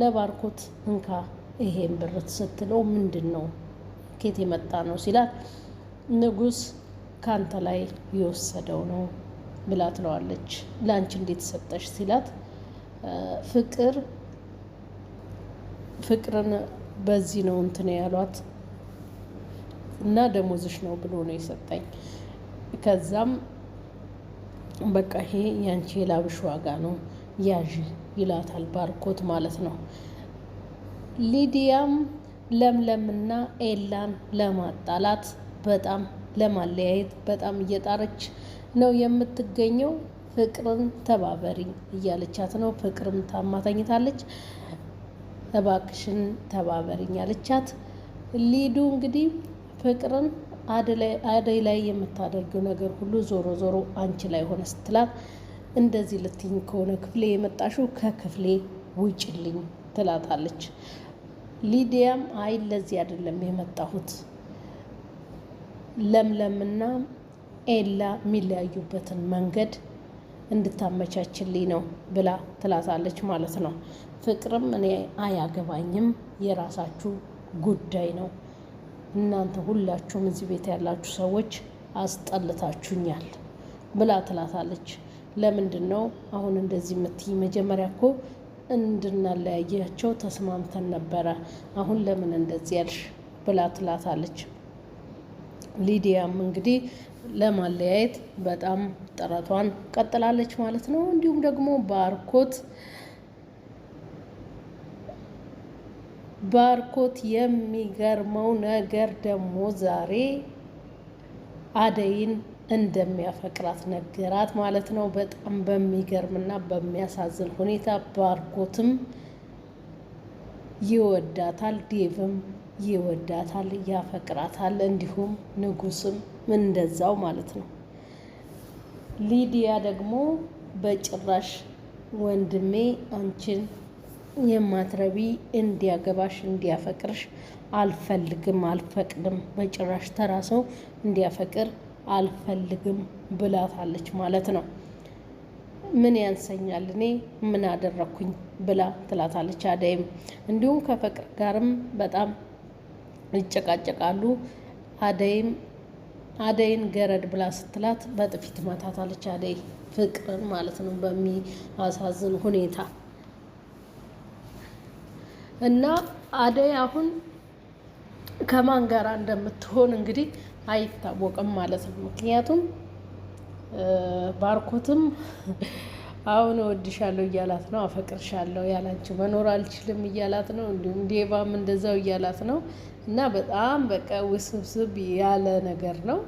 ለባርኮት እንካ ይሄን ብር ስትለው ምንድን ነው ኬት የመጣ ነው ሲላት ንጉስ ካንተ ላይ የወሰደው ነው ብላ ትለዋለች። ለአንቺ እንዴት ሰጠሽ ሲላት ፍቅር ፍቅርን በዚህ ነው እንትን ያሏት እና ደሞዝሽ ነው ብሎ ነው የሰጠኝ። ከዛም በቃ ይሄ ያንቺ የላብሽ ዋጋ ነው ያዥ ይላታል ባርኮት ማለት ነው። ሊዲያም ለምለምና ኤላን ለማጣላት በጣም ለማለያየት በጣም እየጣረች ነው የምትገኘው። ፍቅርን ተባበሪኝ እያለቻት ነው። ፍቅርም ታማታኝታለች። እባክሽን ተባበሪኝ አለቻት። ሊዱ እንግዲህ ፍቅርን አደይ ላይ የምታደርገው ነገር ሁሉ ዞሮ ዞሮ አንቺ ላይ ሆነ ስትላት እንደዚህ ልትኝ ከሆነ ክፍሌ የመጣሽው ከክፍሌ ውጭልኝ ትላታለች። ሊዲያም አይ ለዚህ አይደለም የመጣሁት ለምለምና ኤላ የሚለያዩበትን መንገድ እንድታመቻችልኝ ነው ብላ ትላታለች ማለት ነው። ፍቅርም እኔ አያገባኝም የራሳችሁ ጉዳይ ነው። እናንተ ሁላችሁም እዚህ ቤት ያላችሁ ሰዎች አስጠልታችሁኛል ብላ ትላታለች። ለምንድን ነው አሁን እንደዚህ የምትይ? መጀመሪያ እኮ እንድናለያያቸው ተስማምተን ነበረ። አሁን ለምን እንደዚህ ያልሽ? ብላ ትላታለች። ሊዲያም እንግዲህ ለማለያየት በጣም ጥረቷን ቀጥላለች ማለት ነው። እንዲሁም ደግሞ ባርኮት ባርኮት የሚገርመው ነገር ደግሞ ዛሬ አደይን እንደሚያፈቅራት ነገራት ማለት ነው። በጣም በሚገርምና በሚያሳዝን ሁኔታ ባርኮትም ይወዳታል፣ ዴቭም ይወዳታል፣ ያፈቅራታል። እንዲሁም ንጉስም እንደዛው ማለት ነው። ሊዲያ ደግሞ በጭራሽ ወንድሜ አንቺን የማትረቢ እንዲያገባሽ እንዲያፈቅርሽ አልፈልግም፣ አልፈቅድም። በጭራሽ ተራ ሰው እንዲያፈቅር አልፈልግም ብላታለች ማለት ነው። ምን ያንሰኛል እኔ ምን አደረግኩኝ ብላ ትላታለች። አደይም እንዲሁም ከፍቅር ጋርም በጣም ይጨቃጨቃሉ። አደይም አደይን ገረድ ብላ ስትላት በጥፊ ትመታታለች። አደይ ፍቅርን ማለት ነው በሚያሳዝን ሁኔታ እና አደይ አሁን ከማን ጋር እንደምትሆን እንግዲህ አይታወቅም ማለት ነው። ምክንያቱም ባርኮትም አሁን እወድሻለሁ እያላት ነው። አፈቅርሻለሁ ያላንቺ መኖር አልችልም እያላት ነው። እንዲሁም ዴቫም እንደዛው እያላት ነው። እና በጣም በቃ ውስብስብ ያለ ነገር ነው።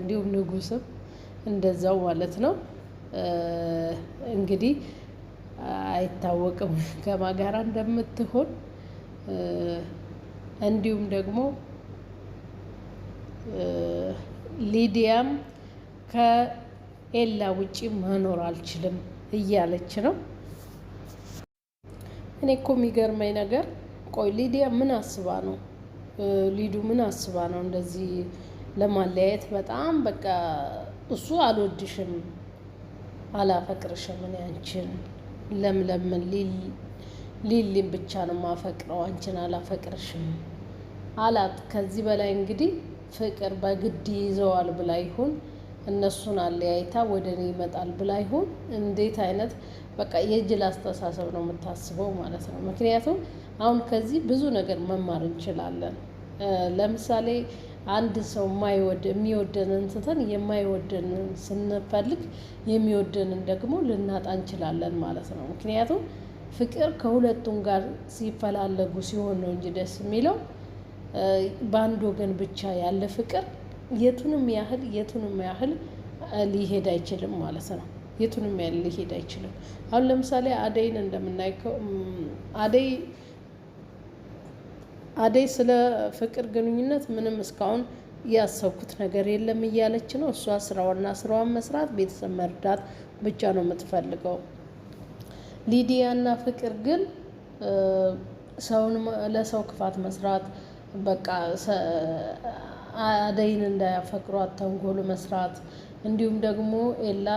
እንዲሁም ንጉስም እንደዛው ማለት ነው። እንግዲህ አይታወቅም ከማጋራ እንደምትሆን እንዲሁም ደግሞ ሊዲያም ከኤላ ውጪ መኖር አልችልም እያለች ነው። እኔ እኮ የሚገርመኝ ነገር ቆይ ሊዲያ ምን አስባ ነው ሊዱ ምን አስባ ነው እንደዚህ ለማለያየት በጣም በቃ እሱ አልወድሽም፣ አላፈቅርሽም፣ እኔ አንቺን ለምለምን ሊሊን ብቻ ነው ማፈቅረው አንቺን አላፈቅርሽም አላት። ከዚህ በላይ እንግዲህ ፍቅር በግድ ይዘዋል ብላ ይሁን እነሱን አለያይታ ወደ እኔ ይመጣል ብላ ይሁን እንዴት አይነት በቃ የጅል አስተሳሰብ ነው የምታስበው ማለት ነው። ምክንያቱም አሁን ከዚህ ብዙ ነገር መማር እንችላለን። ለምሳሌ አንድ ሰው የማይወድ የሚወደንን ስተን የማይወደንን ስንፈልግ የሚወደንን ደግሞ ልናጣ እንችላለን ማለት ነው። ምክንያቱም ፍቅር ከሁለቱም ጋር ሲፈላለጉ ሲሆን ነው እንጂ ደስ የሚለው በአንድ ወገን ብቻ ያለ ፍቅር የቱንም ያህል የቱንም ያህል ሊሄድ አይችልም ማለት ነው። የቱንም ያህል ሊሄድ አይችልም። አሁን ለምሳሌ አደይን እንደምናይከው አደይ አደይ ስለ ፍቅር ግንኙነት ምንም እስካሁን ያሰብኩት ነገር የለም እያለች ነው። እሷ ስራዋና ስራዋን መስራት፣ ቤተሰብ መርዳት ብቻ ነው የምትፈልገው። ሊዲያና ፍቅር ግን ሰውን ለሰው ክፋት መስራት በቃ አደይን እንዳያፈቅሯት ተንኮል መስራት፣ እንዲሁም ደግሞ ኤላ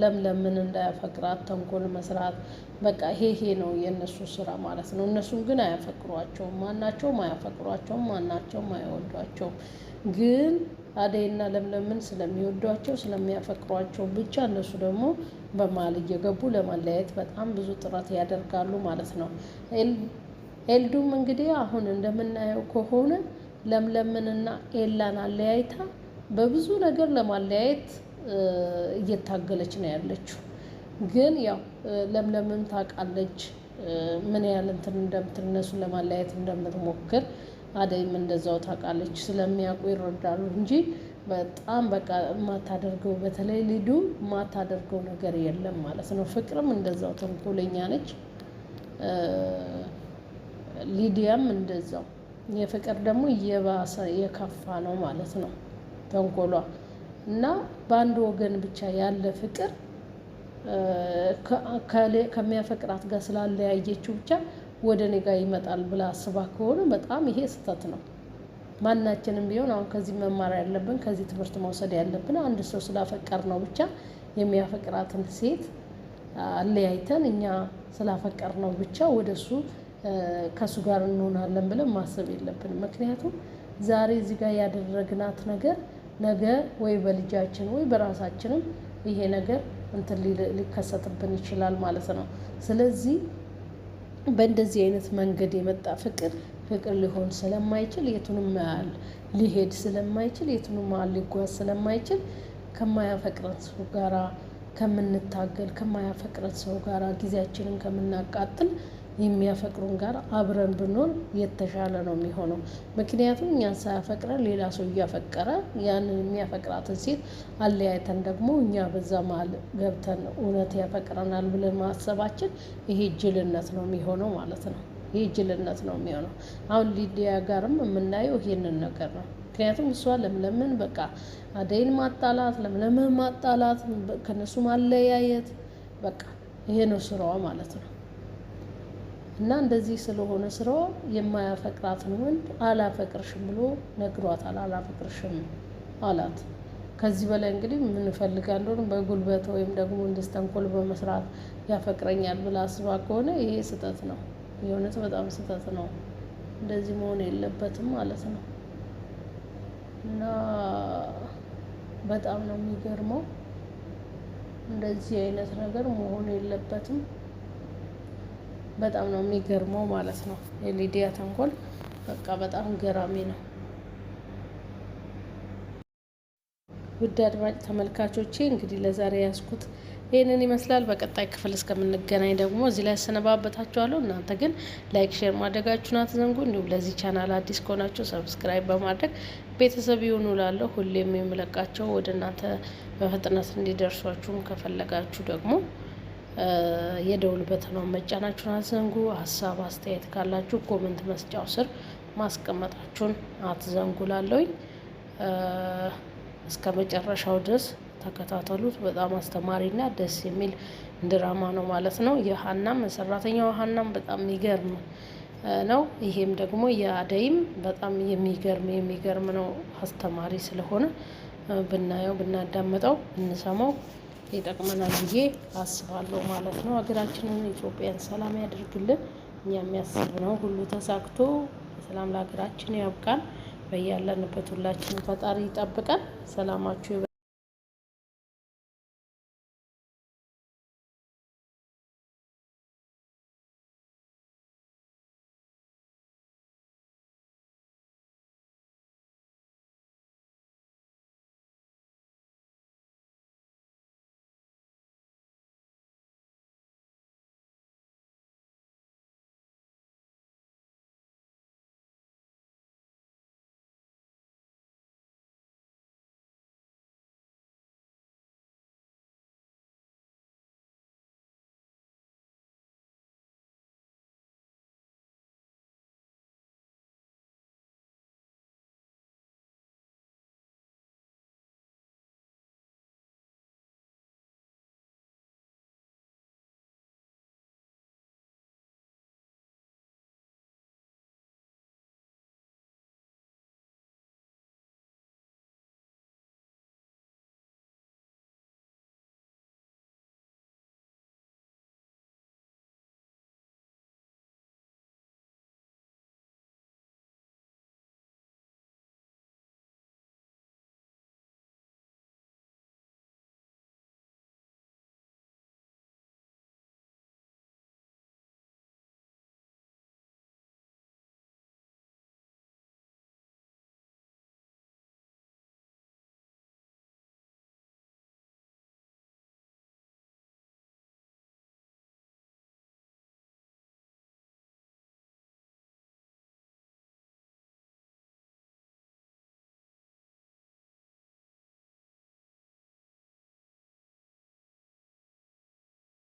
ለምለምን እንዳያፈቅራት ተንኮል መስራት። በቃ ይሄ ነው የእነሱ ስራ ማለት ነው። እነሱም ግን አያፈቅሯቸውም፣ ማናቸውም አያፈቅሯቸውም፣ ማናቸውም አይወዷቸውም። ግን አደይና ለምለምን ስለሚወዷቸው ስለሚያፈቅሯቸው ብቻ እነሱ ደግሞ በመሀል እየገቡ ለማለያየት በጣም ብዙ ጥረት ያደርጋሉ ማለት ነው። ኤልዱም እንግዲህ አሁን እንደምናየው ከሆነ ለምለምንና ኤላን አለያይታ በብዙ ነገር ለማለያየት እየታገለች ነው ያለችው። ግን ያው ለምለምም ታውቃለች ምን ያህል እንትን እንደምትል እነሱን ለማለያየት እንደምትሞክር፣ አደይም እንደዛው ታውቃለች። ስለሚያውቁ ይረዳሉ እንጂ በጣም በቃ የማታደርገው በተለይ ሊዱ የማታደርገው ነገር የለም ማለት ነው። ፍቅርም እንደዛው ተንኮለኛ ነች። ሊዲያም እንደዛው። የፍቅር ደግሞ እየባሰ የከፋ ነው ማለት ነው ተንኮሏ እና በአንድ ወገን ብቻ ያለ ፍቅር ከሚያፈቅራት ጋር ስላለያየችው ብቻ ወደ እኔ ጋር ይመጣል ብላ አስባ ከሆነ በጣም ይሄ ስህተት ነው። ማናችንም ቢሆን አሁን ከዚህ መማር ያለብን ከዚህ ትምህርት መውሰድ ያለብን አንድ ሰው ስላፈቀር ነው ብቻ የሚያፈቅራትን ሴት አለያይተን እኛ ስላፈቀር ነው ብቻ ወደ እሱ ከእሱ ጋር እንሆናለን ብለን ማሰብ የለብንም። ምክንያቱም ዛሬ እዚህ ጋር ያደረግናት ነገር ነገ ወይ በልጃችን ወይ በራሳችንም ይሄ ነገር እንትን ሊከሰትብን ይችላል ማለት ነው። ስለዚህ በእንደዚህ አይነት መንገድ የመጣ ፍቅር ፍቅር ሊሆን ስለማይችል የቱንም ያህል ሊሄድ ስለማይችል የቱንም ያህል ሊጓዝ ስለማይችል ከማያፈቅረን ሰው ጋራ ከምንታገል ከማያፈቅረን ሰው ጋራ ጊዜያችንን ከምናቃጥል የሚያፈቅሩን ጋር አብረን ብንሆን የተሻለ ነው የሚሆነው። ምክንያቱም እኛን ሳያፈቅረን ሌላ ሰው እያፈቀረ ያንን የሚያፈቅራትን ሴት አለያይተን ደግሞ እኛ በዛ መሀል ገብተን እውነት ያፈቅረናል ብለን ማሰባችን ይሄ ጅልነት ነው የሚሆነው ማለት ነው። ይሄ ጅልነት ነው የሚሆነው። አሁን ሊዲያ ጋርም የምናየው ይሄንን ነገር ነው። ምክንያቱም እሷ ለምለምን በቃ አደይን ማጣላት፣ ለምለምን ማጣላት፣ ከነሱ ማለያየት በቃ ይሄ ነው ስራዋ ማለት ነው። እና እንደዚህ ስለሆነ ስራው የማያፈቅራትን ወንድ አላፈቅርሽም ብሎ ነግሯታል። አላፈቅርሽም አላት። ከዚህ በላይ እንግዲህ ምን ፈልጋ እንደሆነ በጉልበት ወይም ደግሞ እንድስተንኮል በመስራት ያፈቅረኛል ብላ አስባ ከሆነ ይሄ ስህተት ነው። የእውነት በጣም ስህተት ነው። እንደዚህ መሆን የለበትም ማለት ነው። እና በጣም ነው የሚገርመው። እንደዚህ አይነት ነገር መሆን የለበትም። በጣም ነው የሚገርመው ማለት ነው። የሊዲያ ተንኮል በቃ በጣም ገራሚ ነው። ውድ አድማጭ ተመልካቾቼ እንግዲህ ለዛሬ ያስኩት ይህንን ይመስላል። በቀጣይ ክፍል እስከምንገናኝ ደግሞ እዚህ ላይ ያሰነባበታችኋለሁ። እናንተ ግን ላይክ፣ ሼር ማድረጋችሁን አትዘንጉ። እንዲሁም ለዚህ ቻናል አዲስ ከሆናችሁ ሰብስክራይብ በማድረግ ቤተሰብ ይሁኑ። ላለሁ ሁሌም የምለቃቸው ወደ እናንተ በፍጥነት እንዲደርሷችሁም ከፈለጋችሁ ደግሞ የደውል በተኗን መጫናችሁን አትዘንጉ። ሀሳብ አስተያየት ካላችሁ ኮመንት መስጫው ስር ማስቀመጣችሁን አትዘንጉ። እስከ መጨረሻው ድረስ ተከታተሉት። በጣም አስተማሪና ደስ የሚል ድራማ ነው ማለት ነው። የሀናም ሰራተኛዋ ሀናም በጣም የሚገርም ነው። ይሄም ደግሞ የአደይም በጣም የሚገርም የሚገርም ነው። አስተማሪ ስለሆነ ብናየው ብናዳምጠው ብንሰማው ይጠቅመናል ብዬ አስባለሁ ማለት ነው። ሀገራችንን ኢትዮጵያን ሰላም ያደርግልን። እኛ የሚያስብ ነው ሁሉ ተሳክቶ ሰላም ለሀገራችን ያብቃን። በያለንበት ሁላችን ፈጣሪ ይጠብቀን። ሰላማችሁ